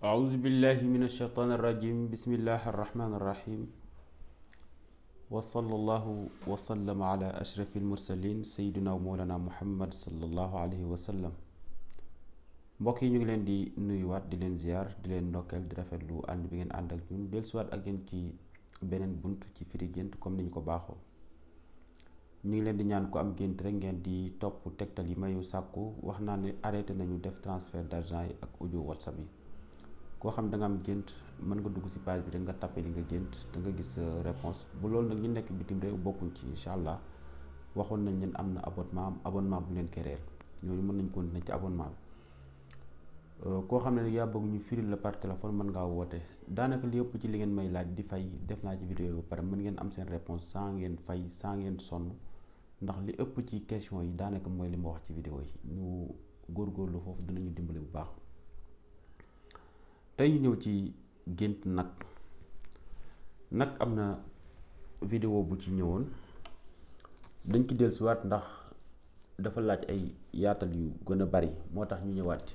أعوذ بالله من الشيطان الرجيم بسم الله الرحمن الرحيم وصلى الله وسلم على أشرف المرسلين سيدنا ومولانا محمد صلى الله عليه وسلم mbokk yi ñu ngi leen di nuyuwaat di leen ziar di leen ndokkeel di rafetlu ànd bi ngeen ànd ak ñun dellusiwaat ak yéen ci beneen bunt ci firi gént comme ni ñu ko baaxoo ñu ngi leen di ñaan ko am gént rek ngeen di topp tegtal yi mayu sàkku wax naa ni arrêté nañu def transfert d'argent yi ak audio whatsapp yi koo xam ne danga am gént mën nga dugg si page bi da nga tapé li nga gént da nga gis euh, réponse bu loolu nag ñi nekk bitim réew bokkuñ ci incha allah waxoon nañ leen am na abonnement am bu leen kereel ñooñu mën nañ ko continuer ci abonnement bi euh, koo xam ne yaa bëgg ñu firil la par téléphone mën ngaa woote daanaka li yëpp ci li ngeen may laaj di fay def naa ci vidéo yi ba pare mën ngeen am seen réponse saa ngeen fay saa ngeen sonn ndax li ëpp ci question yi daanaka mooy li ma wax ci vidéo yi ñu góorgóorlu foofu dinañu dimbale bu baax tey ñëw ci gént nag nag am na vidéo bu ci ñëwoon dañ ci dellusiwaat ndax dafa laaj ay yaatal yu gën a bari moo tax ñu ñëwaat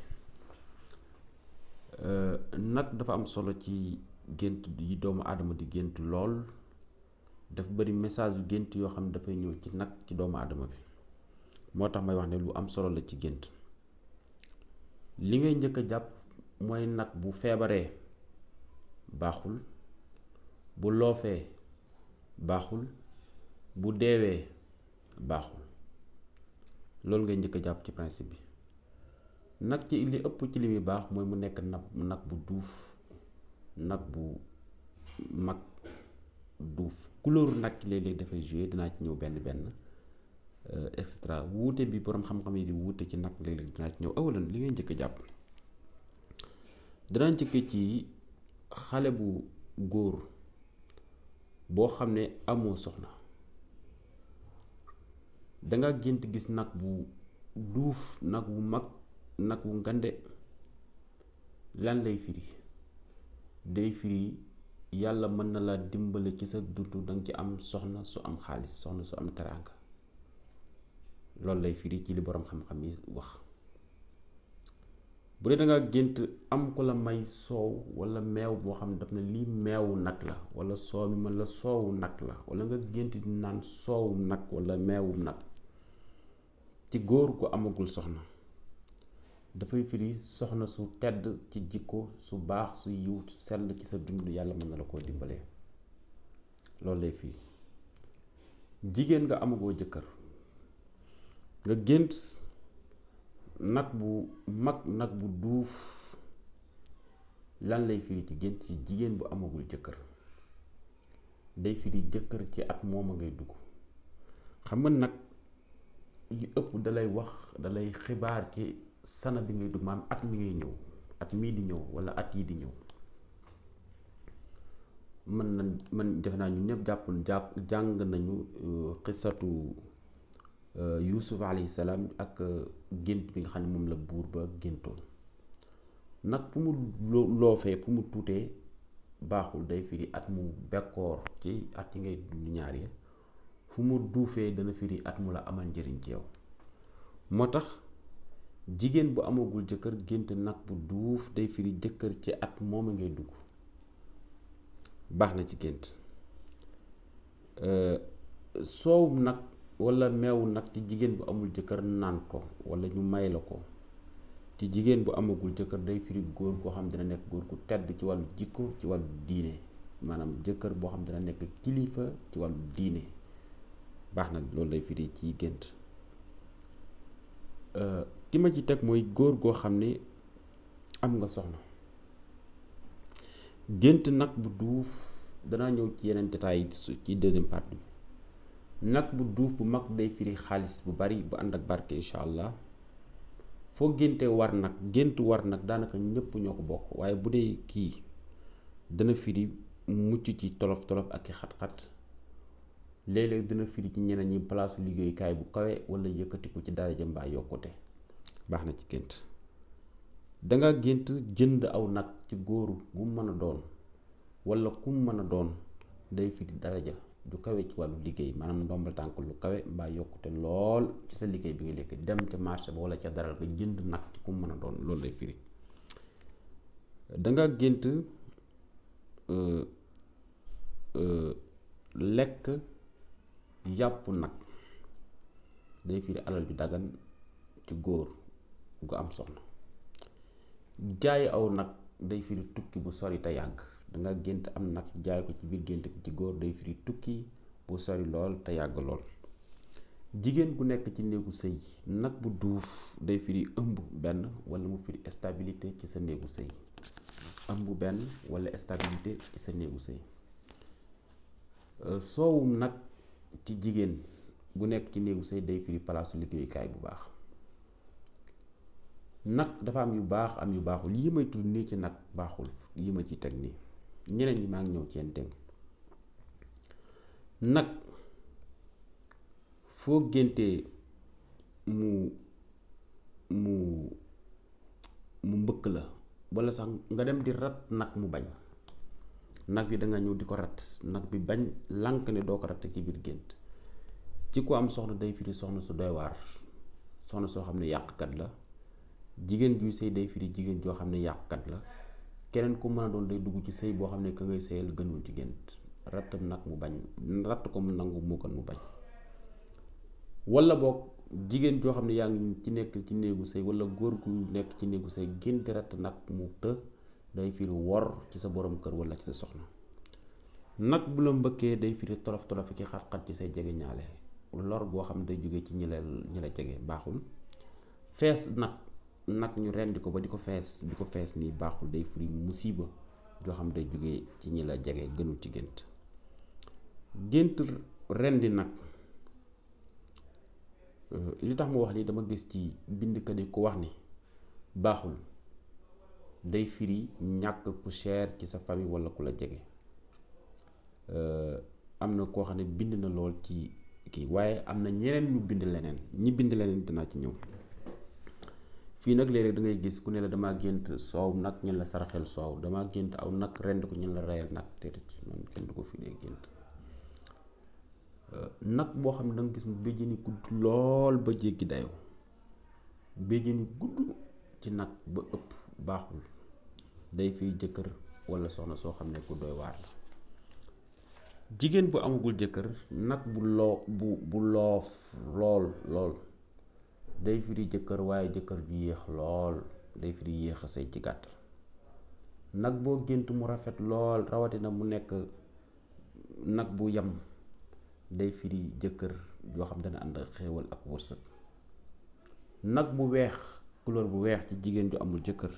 euh, nag dafa am solo ci gént yi doomu aadama di gént lool dafa bari message gént yoo xam ne dafay ñëw ci nag ci doomu adama bi moo tax may wax ne lu am solo la ci gént li ngay njëkk jàpp mooy nag bu feebaree baaxul bu loofee baaxul bu deewee baaxul loolu ngay njëkk jàpp ci principe bi nag ci li ëpp ci li muy baax mooy mu nekk nag nag bu duuf nag bu mag duuf couleur nag léeg-léeg dafay joué dinaa ci ñëw benn benn euh, et cetera wuute bi boroom xam-xam yi di wuute ci nag léeg-léeg dinaa ci ñëw awalan li ngay njëkk a jàpp danañ jëkke ci xale bu góor boo xam ne amoo soxna danga gént gis nag bu duuf nag wu mag nag wu ngande lan lay firi day firi yàlla mën na laa dimbale ci sa dund danga ci am soxna su am xaalis soxna su am teraanga loolu lay firi ci li boroom xam-xam yi wax bu dee da gént am ku la may soow walla meew boo xam ne daf ne lii meewu nag la wala soow mi man la soowu nag la wala nga gént di naan soowu nag wala meewu nag ci góor gu amagul soxna dafay firi soxna su tedd ci jikko su baax su yiw su sell ci sa dund yàlla mën na la koo dimbalee loolu lay fii jigéen nga amagoo jëkkër nga gént nag bu mag nag bu duuf lan lay firi ci gént ci jigéen bu amagul jëkkër day firi jëkkër ci at moom a ngay dugg xam nga nag li ëpp dalay wax dalay xibaar ci sana bi ngay dugg maam at mi ngay ñëw at mii di ñëw wala at yi di ñëw mën na man defe naa ñu ñëpp jàpp jàpp jàng nañu uh, xisatu Euh, Yuusuf alayhi salaam ak euh, gént bi nga xam ne moom la buur ba géntoon nag fu mu loofee fu mu tuutee baaxul day firi at mu bekkoor ci at yi ngay dund ñaar ya fu mu duufee dana firi at mu la amal njëriñ ci yow moo tax jigéen bu amagul jëkkër gént nag bu duuf day firi jëkkër ci at moom a ngay dugg baax na ci gént euh, soowum nag wala meewu nag ci jigéen bu amul jëkkër naan ko wala ñu may la ko ci jigéen bu amagul jëkkër day firi góor goo xam ne dina nekk góor gu tedd ci wàllu jikko ci wàllu diine maanaam jëkkër boo xam ne dina nekk kilifa ci wàllu diine baax na loolu lay firi ci gént euh, ki ma ci teg mooy góor goo xam ne am nga soxna gént nag bu duuf danaa ñëw ci yeneen détails yi ci deuxième partie bi nag bu duuf bu mag day firi xaalis bu bari bu ànd ak barke incha allah foo génte war nag gént war nag daanaka ñëpp ñoo ko bokk waaye bu dee kii dana firi mucc ci tolof tolof ak i xat-xat léeg dana firi ci ñeneen ñi palaasu liggéeyukaay bu kawee wala yëkkatiku ci daraja mbaa yokkute baax na ci gént danga gént jënd aw nag ci góor gu mën a doon walla kum mën a doon day firi daraja du kawe ci wàllu liggéey maanaam ndombal tànk lu kawe mbaa yokkute lool ci sa liggéey bi nga lekk dem ca marché ba wala ca daral nga jënd nag ci ku mën a doon loolu lay firi danga gént euh, euh, lekk yàpp nag day firi alal ju daggan ci góor gu am soxna jaay aw nag day firi tukki bu sori te yàgg danga gént am nag jaay ko ci biir gént ci góor day firi tukki bu sori lool te yàgg lool jigéen gu nekk ci néegu sëy nag bu duuf day firi ëmb benn wala mu firi stabilité ci sa néegu sëy ëmb benn wala stabilité ci sa néegu sëy euh, soowum nag ci jigéen gu nekk ci néegu sëy day firi palaasu liggéeyukaay bu baax nag dafa am yu baax am yu baaxul yi may tudd nii ci nag baaxul yi ma ciy teg nii ñeneen yi maa ngi ñëw ci yéen teg nag foo géntee mu mu mbëkk la wala sax nga dem di rat nag mu bañ nag bi da ñëw di ko rat nag bi bañ lànk ne doo ko ratte ci biir gént ci ko am soxna day firi soxna su doy waar soxna soo xam ne yàqkat la jigéen juy sëy day firi jigéen joo xam ne yàqukat la keneen ku mën a doon day dugg ci sëy boo xam ne ka ngay sëyal gënul jigéen gént rattam nag mu bañ ratt ko mu nangu mu kan mu bañ wala boog jigéen joo xam ne yaa ngi ci nekk ci néegu sëy wala góor gu nekk ci néegu sëy gént ratt nag mu të day firi wor ci sa boroom kër walla ci sa soxna nag bu la mbëkkee day firi tolof tolof ki xat-xat ci say jege ñaale lor boo xam day jóge ci ñi la ñi la jege baaxul fees nag nag ñu rendi ko ba di ko fees di ko fees nii baaxul day firi musiba joo xam day jóge ci ñi la jege gënul ci gént gént rendi nag euh, li tax mu wax lii dama gis ci bindkat yi ku wax ni baaxul day firi ñàkk ku cher ci sa famille walla ku la jege euh, am na koo xam ne bind na lool ci kii waaye am na ñeneen lu bind leneen ñi bind leneen dinaa ci ñëw fii nag léeg-léeg ngay gis ku ne la damaa gént soow nag ñen la saraxel soow dama gént aw nag rend ko ñen la reyal nag déedéet noonu kenn du ko fii dee gént euh, nag boo xam ne da gis mu béjjën yi gudd lool ba jéggi dayoo béjjën yi gudd ci nag ba ëpp baaxul day fii jëkkër wala soxna soo xam ne ku doy waar la jigéen bu amagul jëkkër nag bu loo bu bu loof lool lool day firi jëkkër waaye jëkkër ju yéex lool day firi yéex a sëy ci gàttal nag boo gént mu rafet lool rawatina mu nekk nag bu yam day firi jëkkër yoo xam dana ànd ak xéewal ak wërsëg nag bu weex couleur bu weex ci jigéen ju amul jëkkër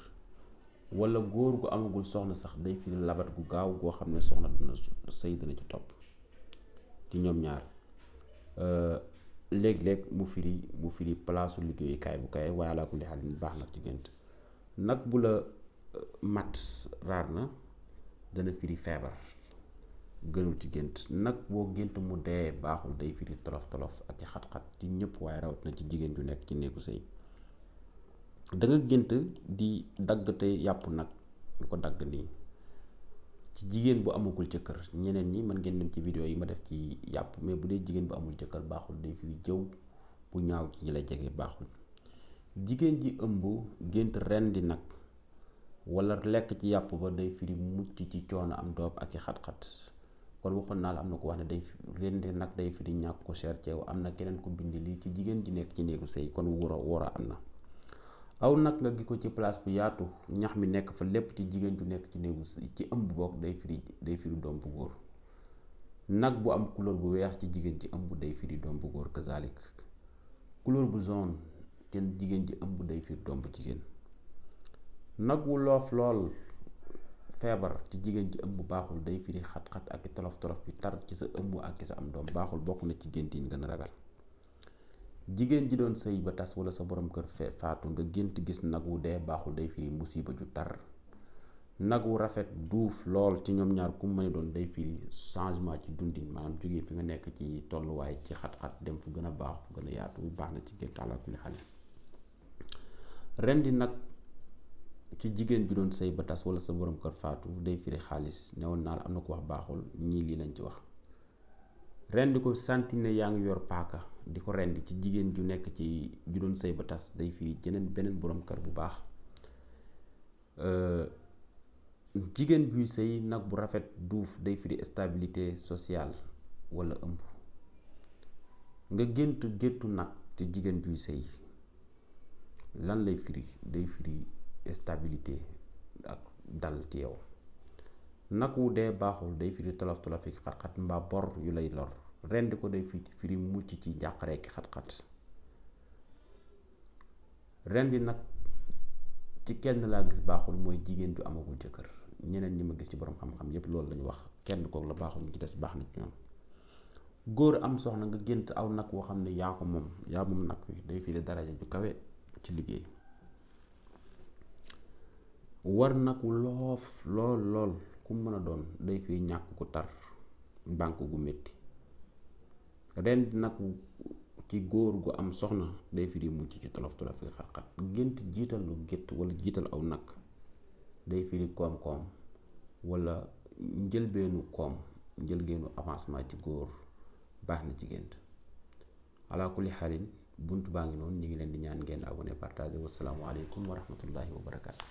walla góor gu amagul soxna sax day firi labat gu gaaw goo xam ne soxna dana sëy dana ci topp ci ñoom ñaar euh, léeg-léeg mu firi mu firi palaasu liggéeyukaay bu kay waaye alaa kulli xaal baax nag ci gént nag bu la euh, mat raar na dana firi feebar gënul ci gént nag boo gént mu dee baaxul day firi tolof-tolof ak ci xat-xat ci ñëpp waaye rawatina ci jigéen ju nekk ci néegu sëy da gént di dagg te yàpp nag ñu ko dagg nii ci jigéen bu amagul jëkkër ñeneen ñi mën ngeen dem ci vidéo yi ma def ci yàpp mais bu dee jigéen bu amul jëkkër baaxul day fi jëw bu ñaaw ci la jege baaxul jigéen ji ëmb gént ren di nag wala lekk ci yàpp ba day firi mucc ci coono am doog ak i xat-xat kon waxoon naa la am na ko wax ne day ren di nag day firi ñàkk ko cher ceew am na keneen ko bind lii ci jigéen ji nekk ci néegu sëy kon woro a am na aw nag nga gi ko ci place bu yaatu ñax mi nekk fa lépp ci jigéen ju nekk ci néegu ci ëmb boog day firi day firi doom bu góor nag bu am couleur bu weex ci jigéen ci ëmb day firi doom bu góor kazalik couleur bu jaune ci jigéen ji ëmb day firi doom jigéen nag wu loof lool feebar ci jigéen ji ëmb baaxul day firi xat-xat ak tolof tolof yu tar ci sa ëmb ak ci sa am doom baaxul bokk na ci gént yi gën a ragal jigéen ji doon sëy ba tas wala sa borom kër fee faatu nga gént gis nag wu dee baaxul day firi musiba ju tar nag wu rafet duuf lool ci ñoom ñaar ku mu mën doon day firi changement ci dundin maanaam jógee fi nga nekk ci tolluwaay ci xat-xat dem fu gën a baax fu gën a yaatu baax na ci gént àlakuli xale ren di nag ci jigéen ji doon sëy ba tas wala sa borom kër faatu day firi xaalis newoon naa la am na ko wax baaxul ñii lii lañ ci wax rendi ko santiné yaa ngi yor paaka di ko rend ci jigéen ju nekk ci ju doon sëy ba tas day fii jeneen beneen borom kër bu baax euh, jigéen buy sëy nag bu rafet duuf day firi stabilité sociale walla ëmb nga gént géttu nag ci jigéen juy sëy lan lay firi day firi stabilité ak dal ci yow nag wu dee baaxul day firi tolof tolof yi xat-xat mbaa bor yu lay lor rendi ko day firi mucc ci njàqare ki xat-xat rendi nag ci kenn laa gis baaxul mooy jigéen ju amagul jëkkër ñeneen ñi ma gis ci borom xam-xam yépp loolu lañu wax kenn kook la baaxul ñu ci des baax na ci ñoom góor am soxna nga gént aw nag woo xam ne yaa ko moom yaa moom nag wi day firi daraja ju kawe ci liggéey war nag loof lool lool ku mën a doon day fii ñàkk ku tar banque gu métti ren nag ci góor gu am soxna day firi mucc ci tolof tolof yi xat-xat gént jiital lu gétt walla jiital aw nag day firi koom-koom wala njëlbeenu koom njëlbeenu avancement ci góor baax na ci gént alaa kulli xaalin bunt baa ngi noonu ñu ngi leen di ñaan génn abonné partagé wasalaamualeykum wa rahmatullahi wa barakaatu.